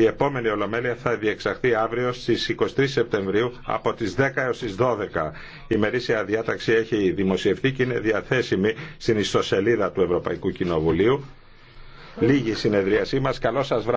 Η επόμενη Ολομέλεια θα διεξαχθεί αύριο στι 23 Σεπτεμβρίου από τις 10 έως τις 12. Η μερίσια διάταξη έχει δημοσιευτεί και είναι διαθέσιμη στην ιστοσελίδα του Ευρωπαϊκού Κοινοβουλίου. Λίγη συνεδρίασή μας. Καλό σα βράδυ.